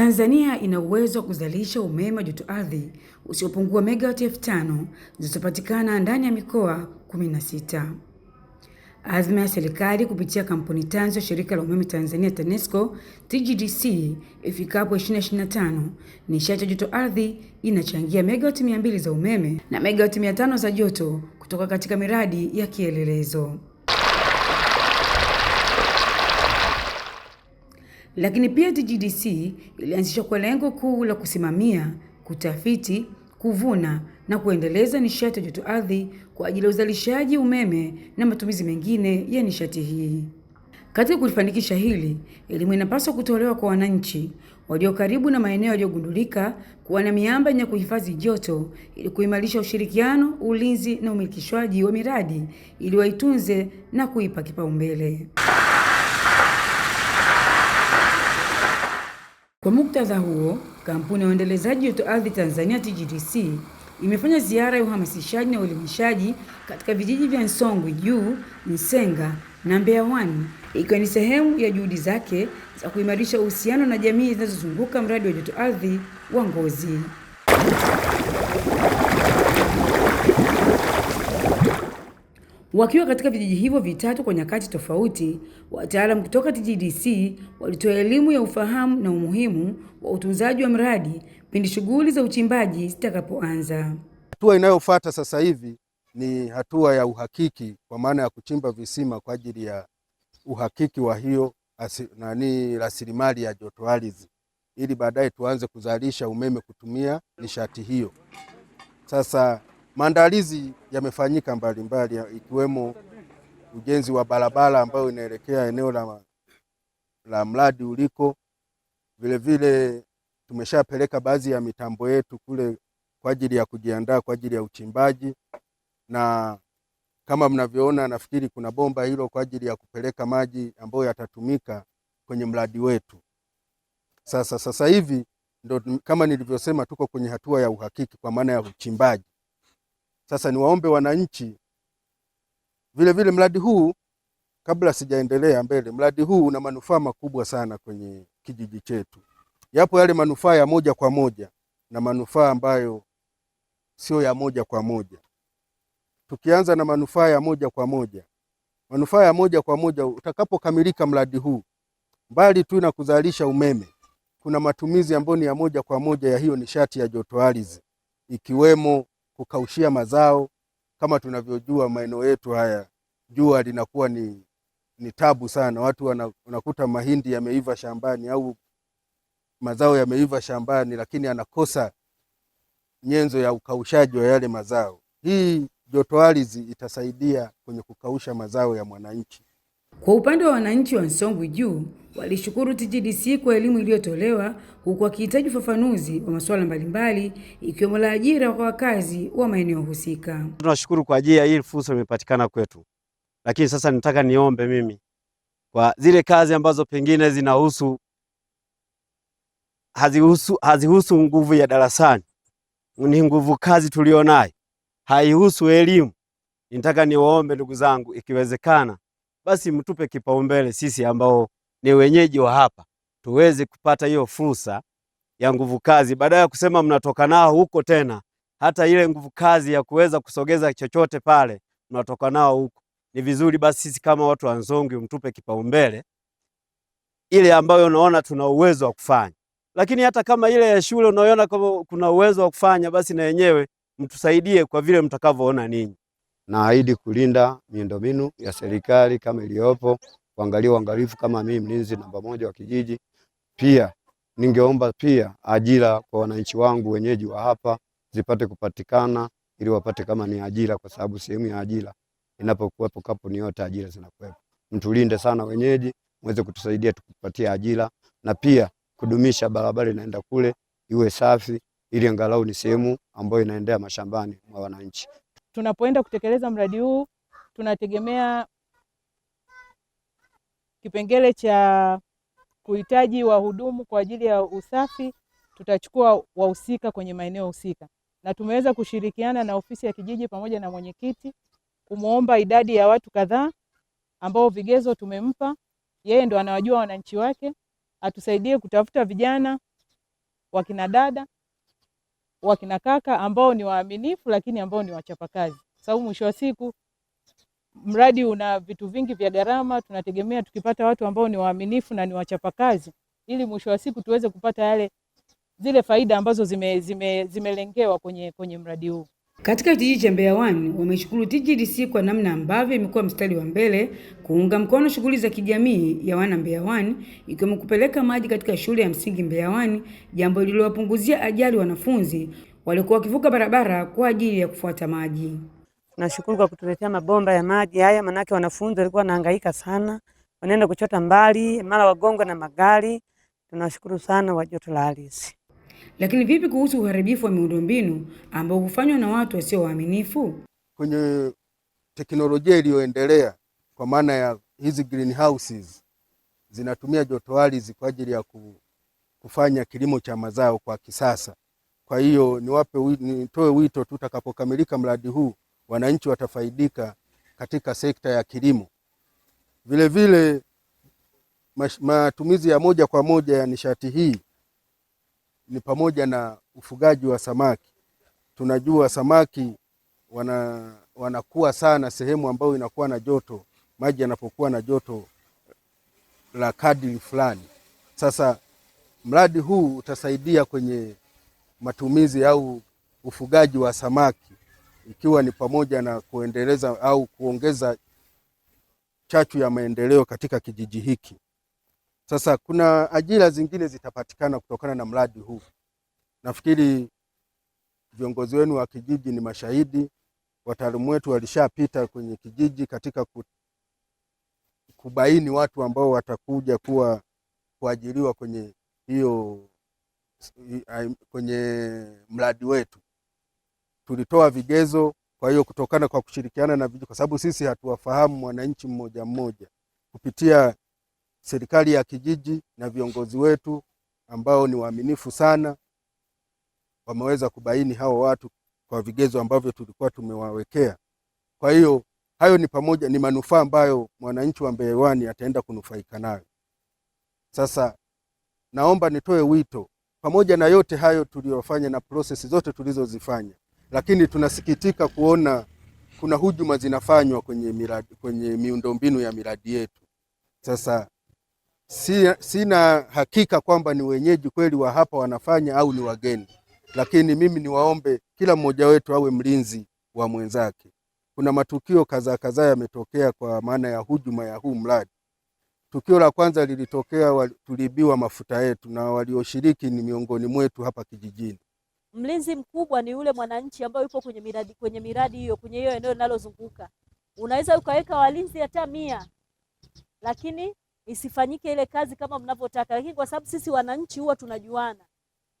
Tanzania ina uwezo wa kuzalisha umeme wa ardhi usiopungua megawati elfu tano zilizopatikana ndani ya mikoa 16. Azma ya serikali kupitia kampuni tanzo ya Shirika la Umeme Tanzania TANESCO TGDC ifikapo 2025, nishati ya joto ardhi inachangia megawati 200 za umeme na megawati 500 za joto kutoka katika miradi ya kielelezo. Lakini pia TGDC ilianzishwa kwa lengo kuu la kusimamia, kutafiti, kuvuna na kuendeleza nishati ya joto ardhi kwa ajili ya uzalishaji umeme na matumizi mengine ya nishati hii. Katika kulifanikisha hili, elimu inapaswa kutolewa kwa wananchi walio karibu na maeneo yaliyogundulika kuwa na miamba yenye kuhifadhi joto ili kuimarisha ushirikiano, ulinzi na umilikishwaji wa miradi ili waitunze na kuipa kipaumbele. Kwa muktadha huo, kampuni ya uendelezaji joto ardhi Tanzania TGDC imefanya ziara ya uhamasishaji na uelimishaji katika vijiji vya Nsongwe Juu, Nsenga na Mbeya One, ikiwa ni sehemu ya juhudi zake za kuimarisha uhusiano na jamii zinazozunguka mradi wa joto ardhi wa Ngozi. Wakiwa katika vijiji hivyo vitatu kwa nyakati tofauti, wataalamu kutoka TGDC walitoa elimu ya ufahamu na umuhimu wa utunzaji wa mradi pindi shughuli za uchimbaji zitakapoanza. Hatua inayofuata sasa hivi ni hatua ya uhakiki kwa maana ya kuchimba visima kwa ajili ya uhakiki wa hiyo nani rasilimali ya joto ardhi ili baadaye tuanze kuzalisha umeme kutumia nishati hiyo. Sasa Maandalizi yamefanyika mbalimbali ikiwemo ujenzi wa barabara ambayo inaelekea eneo la, la mradi uliko. Vilevile tumeshapeleka baadhi ya mitambo yetu kule kwa ajili ya kujiandaa kwa ajili ya uchimbaji, na kama mnavyoona, nafikiri kuna bomba hilo kwa ajili ya kupeleka maji ambayo yatatumika kwenye mradi wetu. Sasa sasa hivi ndo kama nilivyosema, tuko kwenye hatua ya uhakiki kwa maana ya uchimbaji. Sasa niwaombe wananchi vilevile vile, mradi huu kabla sijaendelea mbele, mradi huu una manufaa makubwa sana kwenye kijiji chetu. Yapo yale manufaa ya moja kwa moja na manufaa ambayo sio ya moja kwa moja. Tukianza na manufaa ya moja kwa moja, manufaa ya moja kwa moja, utakapokamilika mradi huu, mbali tu na kuzalisha umeme, kuna matumizi ambayo ni ya moja kwa moja ya hiyo nishati ya joto ardhi ikiwemo kukaushia mazao. Kama tunavyojua maeneo yetu haya jua linakuwa ni, ni tabu sana. Watu wanakuta mahindi yameiva shambani au mazao yameiva shambani, lakini anakosa nyenzo ya ukaushaji wa yale mazao. Hii joto ardhi itasaidia kwenye kukausha mazao ya mwananchi. Kwa upande wa wananchi wa Songwe Juu walishukuru TGDC kwa elimu iliyotolewa huku wakihitaji ufafanuzi wa masuala mbalimbali ikiwemo la ajira kwa wakazi wa maeneo husika. Tunashukuru kwa ajili ya hii fursa imepatikana kwetu, lakini sasa nitaka niombe mimi kwa zile kazi ambazo pengine zinahusu hazihusu hazihusu nguvu ya darasani, ni nguvu kazi tulionayo, haihusu elimu. Nitaka niwaombe ndugu zangu, ikiwezekana basi mtupe kipaumbele sisi ambao ni wenyeji wa hapa, tuweze kupata hiyo fursa ya nguvu kazi, baada ya kusema mnatoka nao huko tena, hata ile nguvu kazi ya kuweza kusogeza chochote pale mnatoka nao huko. Ni vizuri basi sisi kama watu wa Nzongwe mtupe kipaumbele ile ambayo unaona tuna uwezo wa kufanya, lakini hata kama ile ya shule unayoona kama kuna uwezo wa kufanya, basi na yenyewe mtusaidie kwa vile mtakavyoona ninyi. Naahidi kulinda miundombinu ya serikali kama iliyopo, kuangalia uangalifu kama mimi mlinzi namba moja wa kijiji. Pia ningeomba pia ajira kwa wananchi wangu wenyeji wa hapa zipate kupatikana, ili wapate kama ni ajira, kwa sababu sehemu ya ajira inapokuwepo kampuni yote ajira zinakuwepo. Mtulinde sana wenyeji, muweze kutusaidia tukupatie ajira, na pia kudumisha barabara inaenda kule iwe safi, ili angalau ni sehemu ambayo inaendea mashambani mwa wananchi. Tunapoenda kutekeleza mradi huu tunategemea kipengele cha kuhitaji wahudumu kwa ajili ya usafi, tutachukua wahusika kwenye maeneo husika, na tumeweza kushirikiana na ofisi ya kijiji pamoja na mwenyekiti kumwomba idadi ya watu kadhaa ambao vigezo tumempa yeye, ndo anawajua wananchi wake, atusaidie kutafuta vijana wakina dada wakina kaka ambao ni waaminifu, lakini ambao ni wachapakazi, sababu mwisho wa siku mradi una vitu vingi vya gharama. Tunategemea tukipata watu ambao ni waaminifu na ni wachapakazi, ili mwisho wa siku tuweze kupata yale zile faida ambazo zime, zime, zimelengewa kwenye, kwenye mradi huu. Katika kijiji cha Mbeya One wameshukuru TGDC kwa namna ambavyo imekuwa mstari wa mbele kuunga mkono shughuli za kijamii ya wana Mbeya One ikiwemo kupeleka maji katika shule ya msingi Mbeya One, jambo lililowapunguzia ajali wanafunzi waliokuwa wakivuka barabara kwa ajili ya kufuata maji. Nashukuru kwa kutuletea mabomba ya maji haya, manake wanafunzi walikuwa wanahangaika sana, wanaenda kuchota mbali, mara wagongwe na magari. Tunashukuru sana wa joto la halisi. Lakini vipi kuhusu uharibifu wa miundombinu ambao hufanywa na watu wasio waaminifu? Kwenye teknolojia iliyoendelea kwa maana ya hizi greenhouses zinatumia joto ardhi kwa ajili ya kufanya kilimo cha mazao kwa kisasa. Kwa hiyo niwape, nitoe wito tu, mradi huu wananchi watafaidika katika sekta ya kilimo. Vilevile matumizi ya moja kwa moja ya nishati hii ni pamoja na ufugaji wa samaki. Tunajua samaki wana, wanakuwa sana sehemu ambayo inakuwa na joto, maji yanapokuwa na joto la kadri fulani. Sasa mradi huu utasaidia kwenye matumizi au ufugaji wa samaki, ikiwa ni pamoja na kuendeleza au kuongeza chachu ya maendeleo katika kijiji hiki. Sasa kuna ajira zingine zitapatikana kutokana na mradi huu. Nafikiri viongozi wenu wa kijiji ni mashahidi, wataalamu wetu walishapita kwenye kijiji katika kubaini watu ambao watakuja kuwa kuajiriwa kwenye hiyo kwenye mradi wetu. Tulitoa vigezo, kwa hiyo kutokana kwa kushirikiana na vijiji, kwa sababu sisi hatuwafahamu wananchi mmoja mmoja kupitia serikali ya kijiji na viongozi wetu ambao ni waaminifu sana, wameweza kubaini hao watu kwa vigezo ambavyo tulikuwa tumewawekea. Kwa hiyo hayo ni pamoja, ni manufaa ambayo mwananchi wa Mbeyewani ataenda kunufaika nayo. Sasa naomba nitoe wito, pamoja na yote hayo tuliyofanya na prosesi zote tulizozifanya, lakini tunasikitika kuona kuna hujuma zinafanywa kwenye miradi, kwenye miundombinu ya miradi yetu. Sasa si, sina hakika kwamba ni wenyeji kweli wa hapa wanafanya au ni wageni, lakini mimi niwaombe kila mmoja wetu awe mlinzi wa mwenzake. Kuna matukio kadhaa kadhaa yametokea kwa maana ya hujuma ya huu mradi. Tukio la kwanza lilitokea, tulibiwa mafuta yetu na walioshiriki ni miongoni mwetu hapa kijijini. Mlinzi mkubwa ni yule mwananchi ambaye yupo kwenye miradi kwenye miradi hiyo kwenye hiyo eneo linalozunguka. Unaweza ukaweka walinzi hata mia, lakini isifanyike ile kazi kama mnavyotaka, lakini kwa sababu sisi wananchi huwa tunajuana,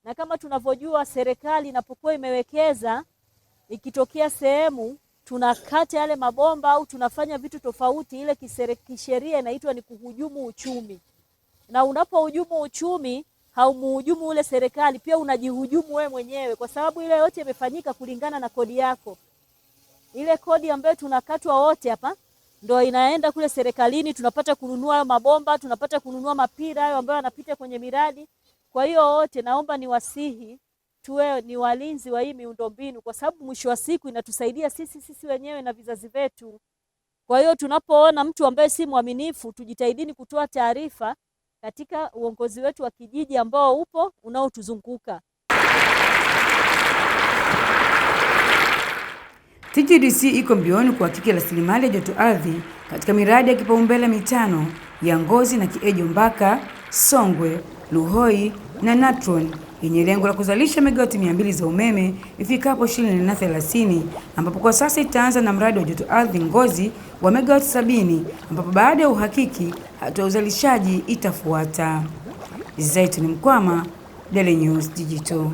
na kama tunavyojua serikali inapokuwa imewekeza ikitokea sehemu tunakata yale mabomba au tunafanya vitu tofauti, ile kisheria inaitwa ni kuhujumu uchumi, na unapohujumu uchumi haumuhujumu ule serikali, pia unajihujumu wewe mwenyewe, kwa sababu ile yote imefanyika kulingana na kodi yako, ile kodi ambayo tunakatwa wote hapa ndo inaenda kule serikalini, tunapata kununua mabomba, tunapata kununua mapira hayo ambayo yanapita kwenye miradi. Kwa hiyo wote, naomba niwasihi tuwe ni walinzi wa hii miundombinu, kwa sababu mwisho wa siku inatusaidia sisi sisi wenyewe na vizazi vyetu. Kwa hiyo tunapoona mtu ambaye si mwaminifu, tujitahidini kutoa taarifa katika uongozi wetu wa kijiji ambao upo unaotuzunguka. TGDC iko mbioni kuhakiki rasilimali ya joto ardhi katika miradi ya kipaumbele mitano ya Ngozi na Kiejo Mbaka, Songwe, Luhoi na Natron yenye lengo la kuzalisha megawati 200 za umeme ifikapo 2030, ambapo kwa sasa itaanza na mradi wa joto ardhi Ngozi wa megawati sabini ambapo baada ya uhakiki hatua ya uzalishaji itafuata. Zaituni Mkwama, Daily News Digital.